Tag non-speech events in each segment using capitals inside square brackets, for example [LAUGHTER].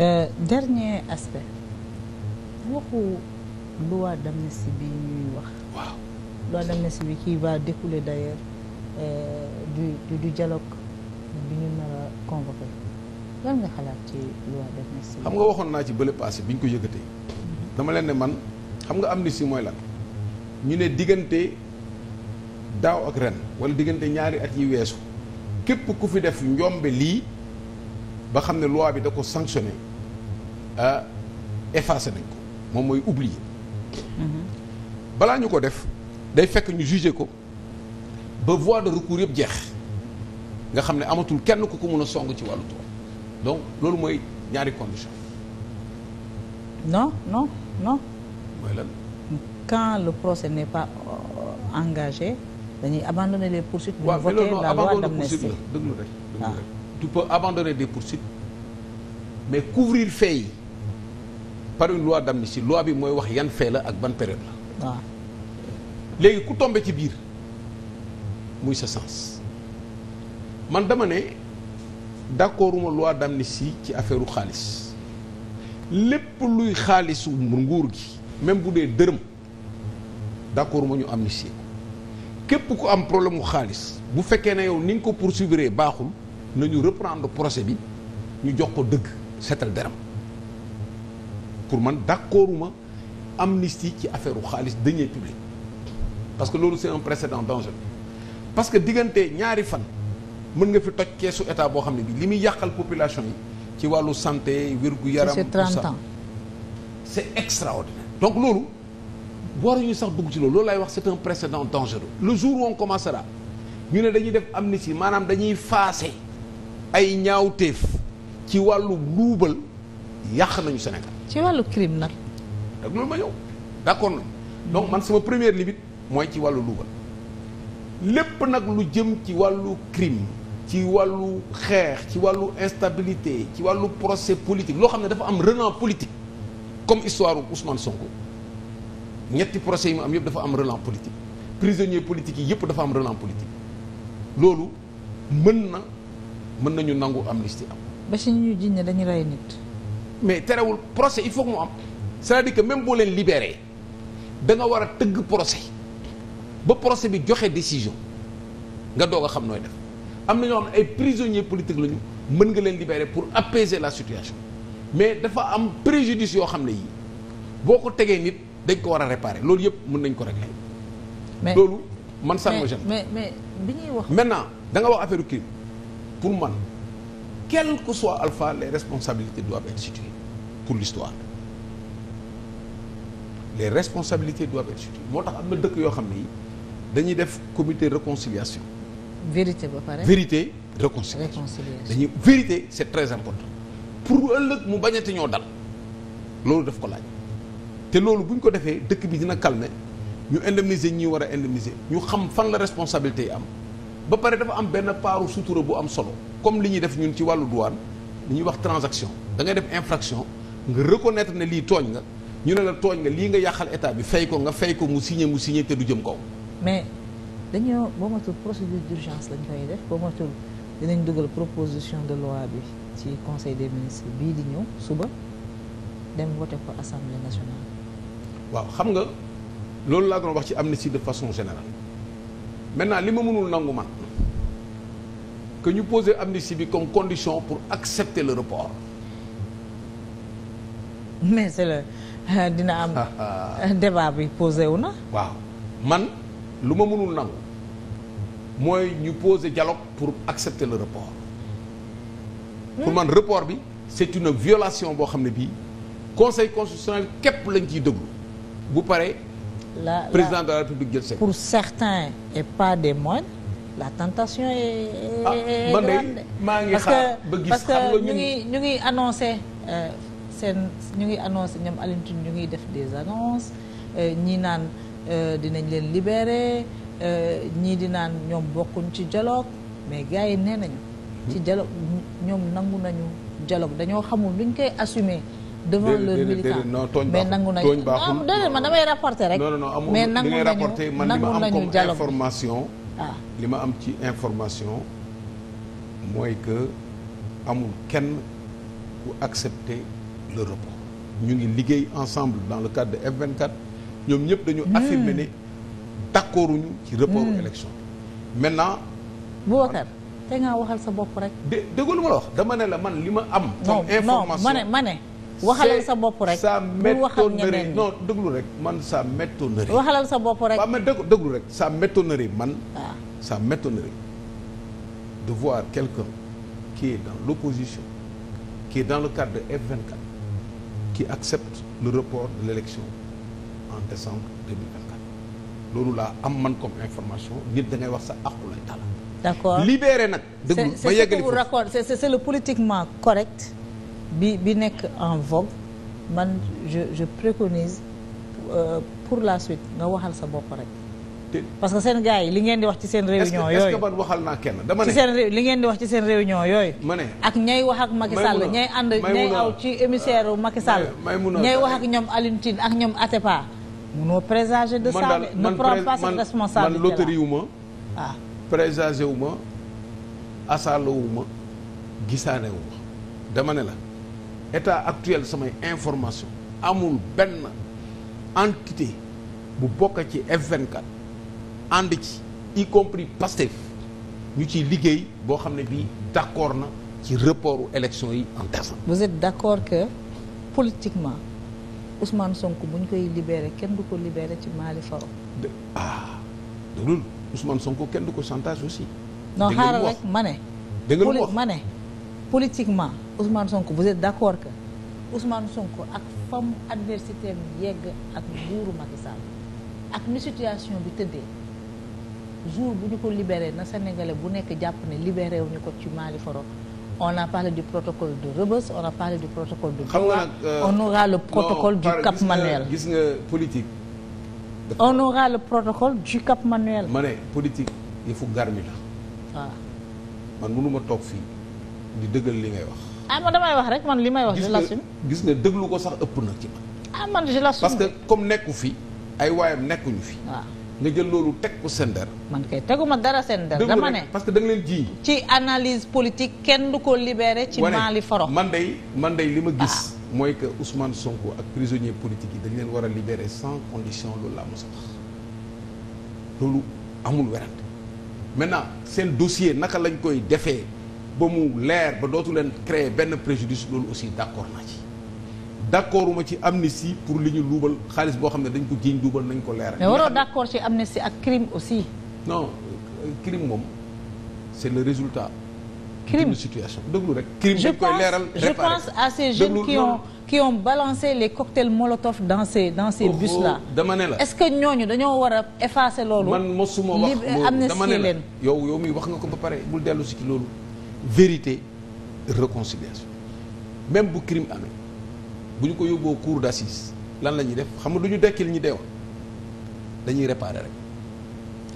Euh, dernier aspect waxu loi d'amnistie bi ñuy wax. waaw loi d'amnistie bi qui va découler d'ailleurs euh, du du dialogue bi ñu nar a convoqué nga xalaat ci loi d'amnistie. xam nga waxoon naa ci bële passé bi ñu ko yëkkatee. Mhm. dama leen ne man xam nga am amnistie mooy lan ñu ne diggante daaw ak ren wala diggante ñaari at yi weesu képp ku fi def njombe lii ba xam ne loi bi da ko sanctionné. Euh, effacé nañ ko moom mooy oublier mm-hmm. balaa ñu ko def day fekk ñu jugé ko ba voie de recours yëpp jeex nga xam ne amatul kenn ku ko mën a song ci wàllu tool donc loolu mooy ñaari condition non non non mooy lan quand le procès n'est pas euh, engagé dañuy abandonner les poursuites pour voter non, la loi d'amnistie déglu ah. mais couvrir fait par une ni si loi bi mooy wax yan fee la ak ban période la. léegi ku tombe ci biir muy sa sens man dama ne d'accorduma loi si ci affaire xaalis lépp luy xaalisu nguur gi même bu dee dërëm d'accorduma ñu amnistie képp ku am problème mu xaalis bu fekkee ne yow ni nga ko poursuivre baaxul nañu reprendre procès bi ñu jox ko dëgg setal deram pour man d'accorduma amnistie ci affaire u xaalis deniers publics parce que loolu c'est un précédent dangereux parce que diggante ñaari fan mën nga fi toj keesu état boo xam ne bi li muy yàqal population yi ci wàllu santé wér-gu-yaram c'est 30 ans c'est extraordinaire donc loolu waruñu sax dugg ci loolu loolu laay wax c'est un précédent dangereux le jour où on commencera ñu ne dañuy def amnistie maanaam dañuy faase ay ñaawteef ci wàllu luubal yàq nañu Sénégal ci wàllu crime nag. ak loolu ma yow d'accord nañ donc man sama première limite mooy ci wàllu luubal lépp nag lu jëm ci wàllu crime ci wàllu xeex ci wàllu instabilité ci wàllu procès politique loo xam ne dafa am relan politique comme histoire Ousmane Sonko ñetti procès yi mu am yëpp dafa am relan politique prisonniers politiques yi yëpp dafa am relan politique loolu mën na mën nañu nangu amnistie am. ba si ñu jiñ ne dañu rey nit. mais terewul procès il faut que mu am cest di que même boo leen libéré da nga war a tëgg procès ba procès bi joxe décision nga doog a xam nooy def am na ñoo xam ne ay prisonniers politiques lañu mën nga leen libérer pour apaiser la situation mais dafa am préjudice yoo xam ne yii boo ko tegee nit dañ ko war a réparer loolu yëpp mun nañ ko rek mais loolu man sànq. mais mais bi ñuy wax. maintenant da nga wax affaire crime pour man. quel que soit Alpha les responsabilités doivent être situées pour l'histoire les responsabilités doivent être situées moo tax am na dëkk yoo xam ne dañuy def comité réconciliation vérités ba pare vérité réconciliation dañuy vérité c'est très important pour ëllëg mu bañati ñoo dal loolu def ko laaj te loolu bu ko defee dëkk bi dina calme ñu indemniser ñi war a indemniser ñu xam fan la responsabilités yi am ba pare dafa am benn paaru sutura bu am solo comme li ñuy def ñun ci wàllu douane li ñuy wax transaction dangay ngay def infraction nga reconnaître na lii tooñ nga ñu ne la tooñ nga lii nga yàqal état bi fay ko nga fay ko mu signé mu signé te du jëm kaw. mais dañoo boo matul procédure d'urgence lañ koy def boo matul dinañ dugal proposition de loi bi ci conseil des ministres bii di ñëw suba dem voté ko assemblée nationale. waaw xam nga loolu laa doon wax ci amnistie de façon générale maintenant li ma mënul nangu man. que ñu poser amnistie bi comme condition pour accepter le report. mais c'est le euh, dina am. Ah, ah. [LAUGHS] débat bi posé wu na. waaw man lu ma mënul nangu mooy ñu poser dialogue pour accepter le report. pour hmm. man report bi c'est une violation boo xam ne bii conseil constitutionnel képp lañ ciy déglu bu paree. la président de la république jël pour certains et pas des moindres. la tentation est. ah man de maa ngi xaar ba gis parce que ñu ngi ñu ngi annoncé euh, seen ñu ngi annoncé ñoom Alioune Tine ñu ngi def des annonces euh, ñii naan euh, dinañ leen libérer ñii di naan ñoom bokkuñ ci dialogue mais gars yi nee nañu. ci hmm. dialogue ñoom nangu nañu dialogue dañoo xamul luñ koy assumer. devant leur militant mais nangu nañu tooñ baaxul non déedéet man damay rapporter rek. mais nangu nañu nangu nañu dialogue non non non amul da ngay rapporter man li ma am comme li ma am ci information mooy que amul kenn ku accepter le report ñu ngi liggéey ensemble dans le cadre de F24 ñoom ñëpp dañu hmm. affirmer ne d'accord uñu ci reportu hmm. élection maintenant Boubacar te ngaa waxal sa bopp rek dé déggu lu ma la wax dama ne la man li ma am comme information ma ne ma ne waxalal sa bopp rek ça m'étonnerait non déglu rek man ça m'étonnerait waxalal sa bopp rek waaw mais déglu rek ça m'étonnerait man ah. Ça m'étonnerait de voir quelqu'un qui est dans l'opposition, qui est dans le cadre de F24, qui accepte le report de l'élection en décembre loolu laa am man comme information nit da ngay wax sa àqu lay taala. d'accord libéré nag. dëgg ba yeggali c'est c'est le politiquement correct bi bi nekk en vogue man je je préconise euh, pour la suite nga waxal sa bopp rek. parce que seen gars yi li ngeen di wax ci seen réunion yooyu waxal naa kenn dama ne ci li ngeen wax seen réunion yooyu ma ne ak ñay wax ak Macky Sall ñay ànd ñay aw ci émissaire Macky Sall ñay wax ak ñoom Alioune Tine ak ñoom Atepa munoo présager de ça ne prends pas cette responsabilité man loterie wu ma ah présager wu ma asalo wu ma gisaane wu dama ne la état actuel samay information amul benn entité bu bokk ci F24 ànd ci y compris Pastef ñu ci liggéey boo xam ne bii d'accord na ci reportu élection yi en décembre. vous êtes d'accord que politiquement Ousmane sonk buñ ñu koy libéré kenn du ko libéré ci Mali Faro. de ah déglu Ousmane Sonko kenn du ko chantage aussi. non xaaral rek ma ne. dégg ma ne politiquement Ousmane sonk vous êtes d'accord que Ousmane Sonko ak fam adversité am yegg ak nguuru Macky Sall ak ni situation bi tëddee. jour bu ñu ko libéré na sénégalais bu nekk jàpp ne libéré wuñu ko ci Mali Foro on a parlé du protocole de Rebeuss on a parlé du protocole xam nga nag euh, on aura le protocole non, du Cap gis nga politique on aura le protocole Cap Manuel ma ne politique yëfu garmi la ah. waaw man mënuma toog fii di dëggal li ngay wax ah man damay wax rek man li may wax je gis nga déglu ko sax ëpp na ci man ah man je l'assume que comme nekku fii ay waayam nekkuñu fii waaw ah. nga jël loolu teg ko seen der man kay teguma dara seen der dama ne parce que da nga leen ji. ci analyse politique kenn du ko libéré. ci Mali foro man day man day li ma gis. Ah. mooy que Ousmane Sonko ak prisonnier politique yi dañ leen war a libéré sans condition loolu laa mos a wax loolu amul werante maintenant seen dossier naka lañ koy defee ba mu leer ba dootu leen créer benn préjudice loolu aussi d'accord naa ci. d' accord ma ci amnistie pour li ñu luubal xaalis boo xam ne dañ ko jiiñ luubal nañ ko leeral. mais waroo d' accord ci amnistie ak crime aussi. non crime moom c' est le résultat. crime situation déglu rek. crime dañ koy leeral réparé je pense à ces jeunes qui ont les cocktails molotov dans ces dans ces bus là. dama ne la est ce que ñooñu dañoo war a effacer loolu. man mosuma wax dama ne la yow yow muy wax nga ko ba pare bul dellu si ci loolu. vérité réconciliation même bu crime amee. bu ñu ko yóbboo cour d'assises lan la ñuy def xam nga du ñu dekkil ñi deewoon dañuy réparer rek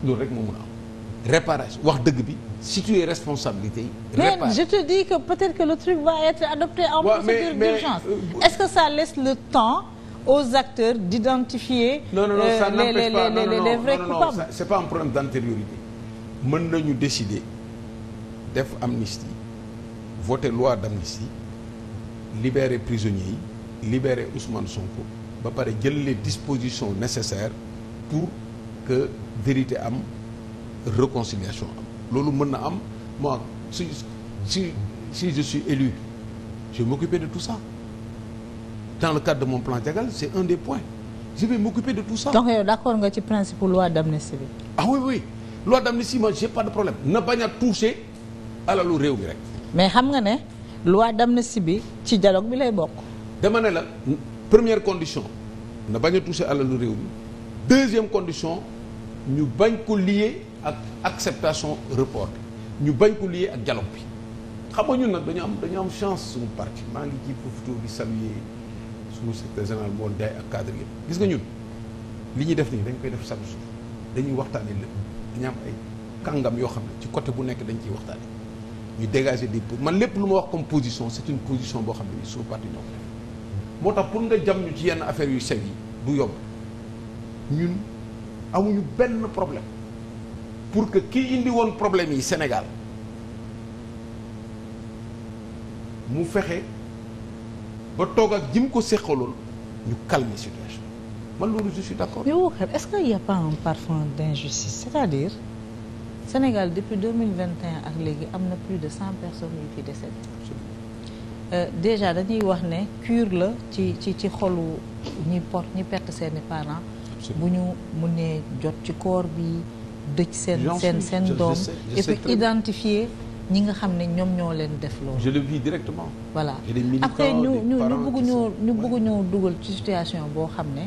loolu rek moom mun a am réparation wax dëgg bi situer responsabilité yi. réparer mais je te dis que peut-être que le truc va être adopté en ouais, procédure d'urgence euh, est-ce que ça laisse le temps aux acteurs d'identifier non non non ça euh, n'empêche pas non non les vrais coupables c'est pas un problème d'antériorité mën nañu décider def amnistie voter loi d'amnistie libérer prisonniers yi libérer Ousmane Sonko ba pare jël les dispositions nécessaires pour que vérité am réconciliation am loolu mën na am moi si si si je suis élu je vais m'occuper de tout ça dans le cadre de mon plan Diagal c'est un des points je vais m'occuper de tout ça. donc yow euh, d'accord nga ci principe loi d'amnistie bi. ah oui oui loi d'amnistie man j'ai pas de problème na bañ a toucher alalu réew mi rek. mais xam nga ne loi d'amnistie bi ci dialogue bi lay bokk. dama ne la première condition na bañ a toucher alalu réew mi deuxième condition ñu bañ ko lié ak acceptation report ñu bañ ko lié ak dialogue bi xam nga ñun nag dañu am dañu am chance suñu parti maa ngi ci profité bi saluer suñu secrétaire général moo daay ak cadre yëpp gis nga ñun li ñu def nii dañ koy def chaque jour dañuy waxtaanee lépp dañu am ay kàngam yoo xam ne ci côté bu nekk dañ ciy waxtaanee ñu dégager des man lépp lu ma wax comme position c'est une boo xam ne nii suñu ñoo moo tax pour nga jam ñu ci yenn affaire yu sew yi du yomb ñun amuñu benn problème pour que kii indi woon problème yi Sénégal mu fexe ba toog ak jim ko séqaloon ñu calmer situation man loolu je suis d'accord. mais Woukhar est-ce que y a pas un parfum d'injustice c'est-à-dire Sénégal depuis mille vingt et un ak léegi am na plus de cent personnes yu fi décédées. Euh, déjà dañuy wax ne cure la ci ci ci xolu ñi port ñi perte seeni parents bu ñu nee jot ci corps bi dëj seen seen seen doom et puis identifier ñi nga xam ne ñoom ñoo leen def loolu. je le vis directement. voilà après ñu ñu ñu bëgg ñoo ñu bëgg ñoo dugal ci situation boo xam ne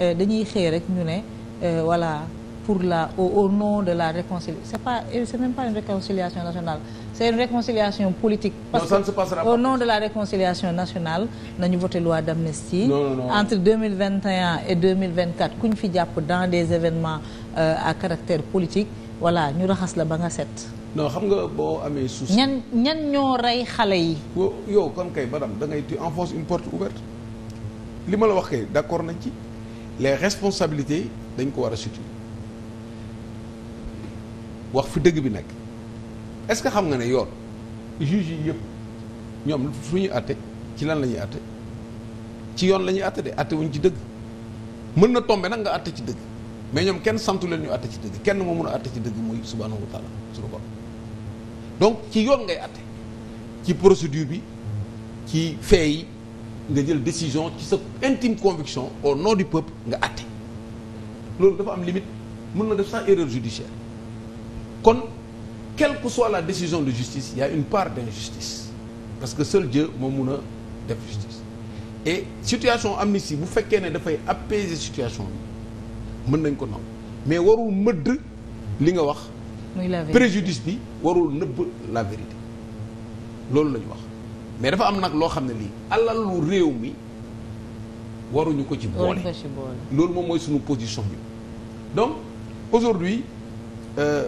euh, dañuy xëy rek ñu ne euh, voilà pour la au, nom de la réconciliation c'est pas c'est même pas une réconciliation nationale c'est une réconciliation politique parce non, ça ne se passera que au pas nom de la réconciliation nationale nañu voté loi d'amnistie entre et ku ñu fi jàpp dans des événements euh, à caractère politique voilà ñu raxas la ba nga set non xam nga boo amee souci ñan ñan ñoo rey xale yi yow kon kay madame da ngay en enfonces une porte ouverte li ma la wax kay d'accord nañ ci les responsabilités dañ ko war a situer wax fi dëgg bi nekk est-ce que xam nga ne yoon juge yi yëpp ñoom fu ñu àtte ci lan la ñuy àtte ci yoon la ñuy àtte de àtte wuñ ci dëgg mën na tombe nag nga àtte ci dëgg mais ñoom kenn santu leen ñu àtte ci dëgg kenn moo mun a àtte ci dëgg muy subhaanahu wa taala suñu borom donc ci yoon ngay àtte ci procédure bi ci fee nga jël décision ci sa intime conviction au nom du peuple nga àtte loolu dafa am limite mën na def sans erreur judiciaire kon quelle que soit la décision de justice il y a une part d'injustice parce que seul Dieu moo mun a def justice et situation amnistie bu fekkee ne dafay apaiser situation bi mën nañ ko nangu mais warul mëdd li nga wax préjudice bi warul nëbb la vérité loolu la wax mais dafa am nag loo xam ne lii alalu réew mi waruñu ko ci boole loolu moom mooy suñu position bi donc aujourd'hui euh,